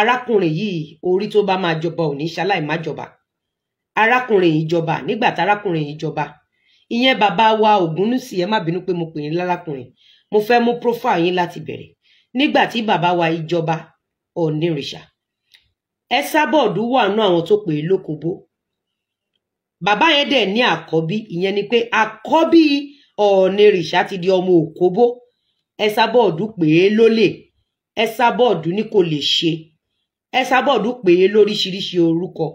arákùnrin yìí orí tó bá máa jọba ò ní ṣaláì má jọba arákùnrin yìí jọba nígbà tárákùnrin yìí jọba ìyẹn bàbá wa Ògúnnúsì ẹ má bínú pé mo pè yín lárákùnrin mo fẹ́ mú profile yín láti bẹ̀rẹ̀ nígbà tí bàbá wa yìí jọba onírìṣà ẹ sábọ̀dù wà nú àwọn tó pè é lókòbó bàbá yẹn dẹ̀ ní àkọ́bí ìyẹn ni pé àkọ́bí onírìṣà ti di ọmọ òkóbó ẹ sábọ̀dù pè é lólè ẹ sábọ̀dù ni kò lè ṣe ẹ sábọ̀dù pé lóríṣiríṣi orúkọ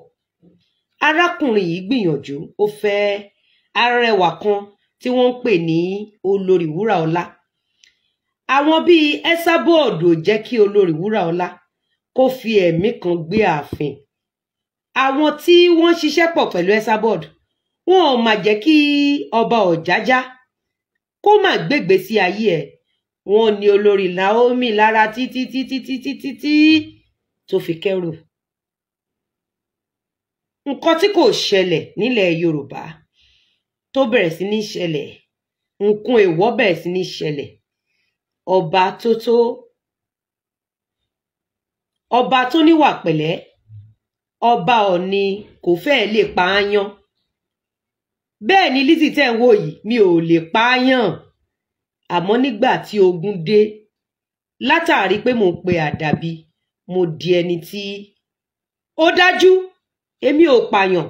arákùnrin yìí gbìyànjú ó fẹ́ arẹwà kan tí wọ́n ń pè ní olórí wúrà ọlá àwọn bíi ẹsábọọdù ò jẹ́ kí olórí wúrà ọlá kó fi ẹ̀mí kan gbé ààfin àwọn tí wọ́n ṣiṣẹ́ pọ̀ pẹ̀lú ẹsábọọdù wọn ò mà jẹ́ kí ọba ọjájá kó má gbégbé ayé ẹ̀ wọ́n ní olórí naomi lára títí títí títí títí tó fi kẹ́rù nǹkan tí kò ṣẹlẹ̀ nílẹ̀ Yorùbá tó bẹ̀rẹ̀ sí ní ṣẹlẹ̀ nǹkan èèwọ̀ bẹ̀rẹ̀ sí ní ṣẹlẹ̀ ọba tó tó ọba tó níwà pẹ̀lẹ́ ọba Ọ̀ni kò fẹ́ẹ̀ lè pa á yán bẹ́ẹ̀ ni Lizzy tẹ́ ń wò yìí mi ò lè pa á yàn àmọ́ nígbà tí ogun dé látàrí pé mò ń pe àdàbí mo di ẹni tí ó dájú èmi ò pààyàn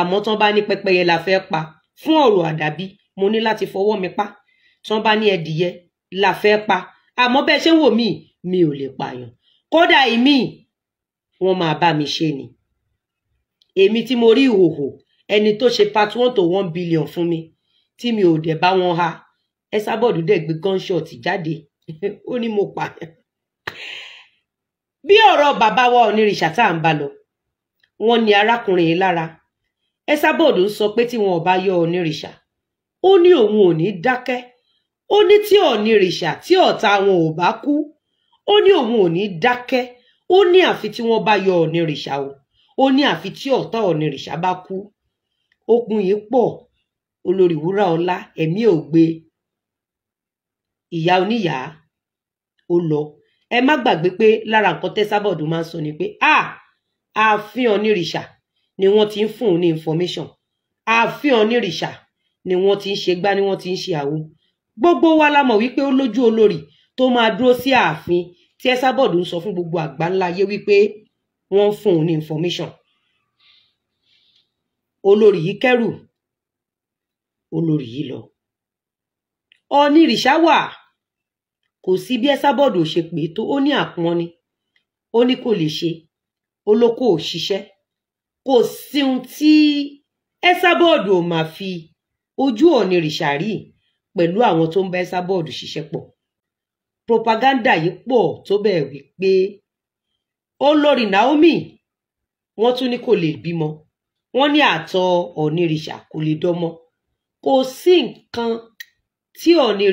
àmọ́ tán bá ní pẹ́pẹ́yẹ la fẹ́ pa fún ọ̀rọ̀ àdàbí mo ní láti fọwọ́ mi pa tán bá ní ẹdìyẹ la fẹ́ pa àmọ́ bẹ́ẹ̀ ṣe ń wò mí mi ò lè pààyàn kódà ìmí wọn máa bá mi ṣe ni èmi tí mo rí ìhòhò ẹni tó ṣe part one to one billion fún mi tí mi ò dẹ̀ bá wọn ha ẹ sábọ̀dù dẹ̀ gbé gunshot jáde ó ní mo pààyàn bí ọ̀rọ̀ bàbá wa onírìṣà tá à ń bá lọ wọ́n ní arákùnrin yìí lára Ẹsábọ́ọ̀dù ń sọ pé tí wọn ò bá yọ onírìṣà ó ní òun ò ní dákẹ́ ó ní tí onírìṣà tí ọ̀tá wọn ò bá kú ó ní òun ò ní dákẹ́ ó ní àfi tí wọ́n bá yọ onírìṣà o ó ní àfi tí ọ̀tá onírìṣà bá kú okùn yìí pọ̀ olórí wúrà ọlá ẹ̀mí ò gbé ìyá oníyàá ó lọ ẹ má gbàgbé pé lára nǹkan tẹ́sábọ̀dù máa ń sọ ni pé a ààfin onírìṣà ni wọ́n ti ń fún un ní information ààfin onírìṣà ni wọ́n ti ń ṣe gbá ni wọ́n ti ń ṣe àwo gbogbo wa la mọ̀ wípé ó lójú olórí tó máa dúró sí ààfin tí Ẹsábọ̀dù ń sọ fún gbogbo àgbáńlá ayé wípé wọ́n ń fún un ní information olórí yìí kẹ́rù olórí yìí lọ onírìṣà wà kò sí bí Ẹsábọ́ọ̀dù ò ṣe pè é tó ó ní àpọ́n ni ó ní kò lè ṣe ó ló kò ṣiṣẹ́ kò sí ohun tí Ẹsábọ́ọ̀dù ò máa fi ojú ọ̀nì rìṣàrí pẹ̀lú àwọn tó ń bá Ẹsábọ́ọ̀dù ṣiṣẹ́ pọ̀ propaganda yìí pọ̀ tó bẹ́ẹ̀ wí pé ó lórí Naomi wọ́n tún ní kò lè bímọ wọ́n ní àtọ̀ ọ̀nì rìṣà kò lè dọ́mọ kò sí nǹkan tí ọ̀nì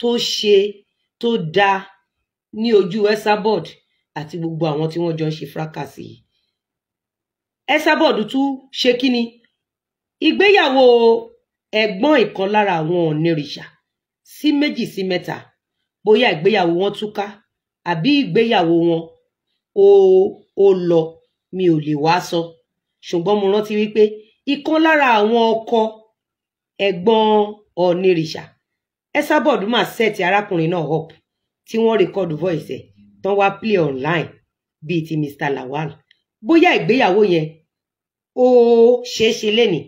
tó ṣe tó dáa ní ojú Esabod àti gbogbo àwọn tí wọ́n jọ ń ṣe fracas yìí Esabod tún ṣe kíni ìgbéyàwó ẹ̀gbọ́n ìkan lára àwọn onírìṣà sí méjì sí mẹ́ta bóyá ìgbéyàwó wọn túká àbí ìgbéyàwó wọn ó ó lọ mi ò lè wá sọ ṣùgbọ́n mo rántí wípé ìkan lára àwọn ọkọ ẹ̀gbọ́n onírìṣà Esabod mà sẹ́ẹ̀tì arákùnrin náà up tí wọ́n rẹkọọdù voice ẹ̀ tán wá play online bíi ti Mr Lawal bóyá ìgbéyàwó yẹn ó ṣeé ṣe lẹ́nìí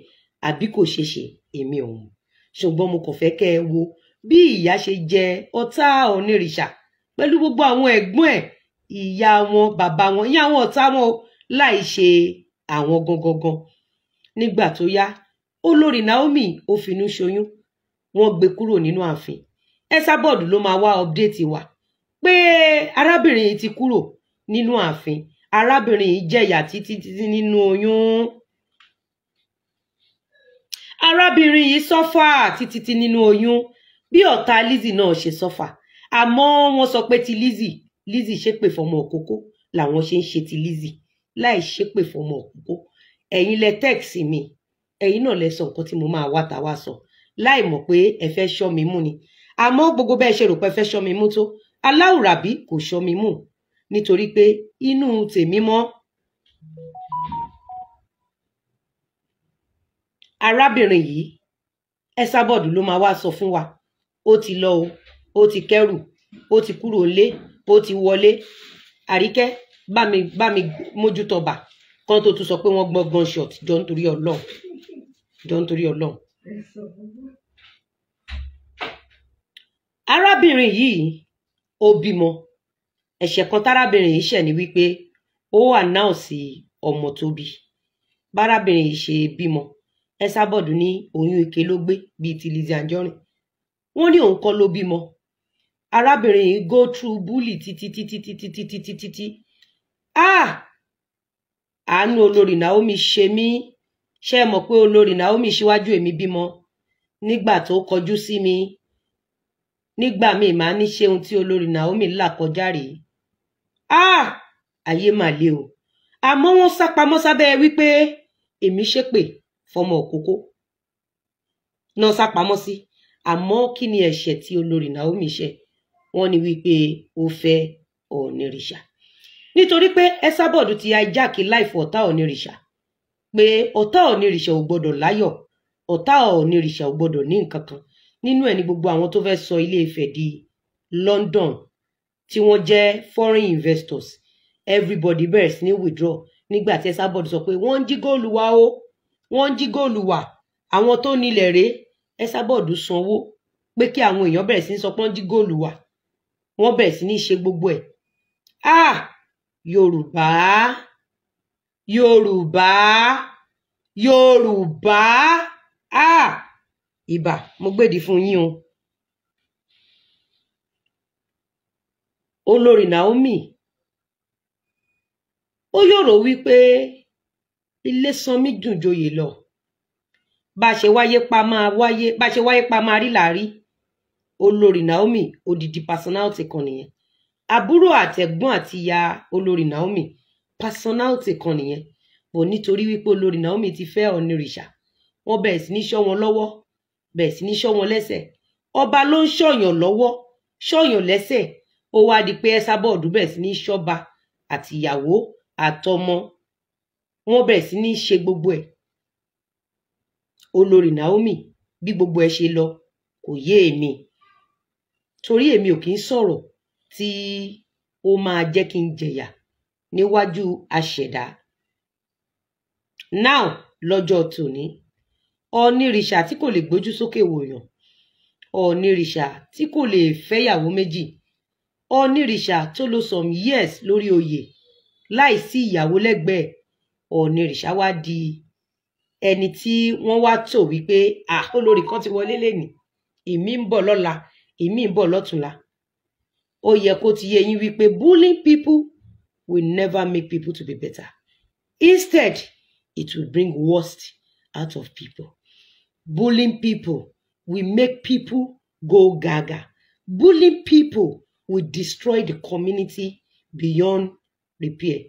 àbí kò ṣeé ṣe èmi ò mọ̀ ṣùgbọ́n mo kàn fẹ́ kẹ́ ẹ wo bí ìyá ṣe jẹ ọ̀tá onírìṣà pẹ̀lú gbogbo àwọn ẹ̀gbọ́n ẹ̀ ìyá wọn bàbá wọn ìyá àwọn ọ̀tá wọn láì ṣe àwọn gangan nígbà tó yá olórí Naomi ó finú ṣoyún wọ́n gbé kúrò nínú ààfin Esabod ló máa wá update wa pé arábìnrin yìí ti kúrò nínú ààfin arábìnrin yìí jẹ̀yà títí títí nínú oyún arábìnrin yìí sọ́fà títí títí nínú oyún bí ọ̀tá Lizzy náà ṣe sọ́fà àmọ́ wọ́n sọ pé ti Lizzy Lizzy ṣépè fọmọ òkókó làwọn ṣe ń ṣe ti Lizzy láì ṣépè fọmọ òkókó ẹ̀yin lẹ tẹ́ẹ̀sì mi ẹ̀yin náà lẹ sọ nǹkan tí mo máa wá ta wá sọ. So láì mọ̀ pé ẹ fẹ́ ṣọ́ mi mú ni àmọ́ gbogbo bẹ́ẹ̀ ṣe rò pé ẹ fẹ́ ṣọ́ mi mú tó aláwùrábí kò ṣọ́ mi mú nítorí pé inú tèmi mọ́ arábìnrin yìí ẹ sábọ̀dù ló máa wá sọ fún wa ó ti lọ o ó ti kẹ́rù ó ti kúrò lé ó ti wọlé àríkẹ́ bá mi bá mi mójútó bà kan tó tún sọ pé wọ́n gbọ́ gunshot jọ nítorí ọlọ́run jọ nítorí ọlọ́run arábìnrin yìí ó bímọ ẹ̀ṣẹ̀ kan tárábìnrin yìí ṣẹ̀ ni wípé ó ànáòsì ọmọ tó bí bárábìnrin yìí ṣe bímọ Esabod ní oyún ike ló gbé bíi ti Lizzy Anjorin wọ́n ní òun kọ́ ló bímọ arábìnrin yìí go through bully títí títí títí títí títí ah àánú olórí Naomi ṣe mí ṣé ẹ mọ̀ pé olórí Naomi síwájú èmi bímọ nígbà tó kọjú sí mi nígbà míì máa ní ṣe ohun tí olórí Naomi là kọjá rèé ah ayé mà le o àmọ́ wọ́n sá pamọ́ sábẹ́ wípé èmi ṣépè fọmọ òkókó náà sá pamọ́ sí àmọ́ kí ni ẹ̀ṣẹ̀ tí olórí Naomi ṣe wọ́n ní wípé ó fẹ́ ọ̀nìrìṣà nítorí pé ẹ sábọ̀dù ti ajáàkì láìfọ̀ ọ̀tá ọ̀nìrìṣà pé ọ̀tá onírìṣà ò gbọ́dọ̀ láyọ̀ ọ̀tá onírìṣà ò gbọ́dọ̀ ní nǹkan kan nínú ẹ̀ ni gbogbo àwọn tó fẹ́ sọ ilé Ifẹ̀ di London tí wọ́n jẹ́ foreign investors everybody bẹ̀rẹ̀ sí ní withdraw nígbà tí Esabod sọ pé wọ́n ń jí góòlù wa o wọ́n ń jí góòlù wa àwọn tó nílẹ̀ rèé Esabod sanwó pé kí àwọn èèyàn bẹ̀rẹ̀ sí ní sọ pé wọ́n jí góòlù wa wọ́n bẹ̀rẹ̀ sí ní ṣe gbogbo ẹ̀ ah Yorùbá yorùbá yorùbá a ìbà mo gbèdì fún yín o. olórí Naomi ó yòrò wípé ilé sanmi dùn joyè lọ bá a ṣe wáyé pa máa wáyé bá a ṣe wáyé pa máa rí làárí olórí Naomi odidi personality kan nìyẹn àbúrò àtẹ̀gbọ́n àti ìyá olórí Naomi personality kan nìyẹn bò nítorí wípé olórí Naomi ti fẹ́ onírìṣà wọ́n bẹ̀rẹ̀ sí ní ṣọ́ wọn lọ́wọ́ bẹ̀rẹ̀ sí ní ṣọ́ wọn lẹ́sẹ̀ ọba ló ń ṣọ̀yàn lọ́wọ́ ṣọ̀yàn lẹ́sẹ̀ ó wá di pé ẹ́sà bọ́ọ̀dù bẹ̀rẹ̀ sí ní ṣọ́ba àtìyàwó àtọmọ wọ́n bẹ̀rẹ̀ sí ní ṣe gbogbo ẹ̀ olórí Naomi bí gbogbo ẹ̀ ṣe lọ kò yé èmi torí èmi ò kì í sọ̀rọ̀ tí ó máa jẹ́ kí n jẹ̀yà níwájú àṣẹ̀dá now lọ́jọ́ tòní ọ̀nìrìṣà tí kò lè gbójú sókè wòyàn ọ̀nìrìṣà tí kò lè fẹ́yàwó méjì ọ̀nìrìṣà tó lo some years lórí oyè láìsí ìyàwó lẹ́gbẹ̀ẹ́ ọ̀nìrìṣà wá di ẹni tí wọ́n wá tò wípé olórí kan ti wọlé lẹ́nì ìmí ń bọ̀ lọ́la ìmí ń bọ̀ lọ́túnla ó yẹ kó ti yé yín wípé bullying people will never make people to be better. Instead, it will bring worst out of people. Bullying people will make people go gaga. Bullying people will destroy the community beyond repair.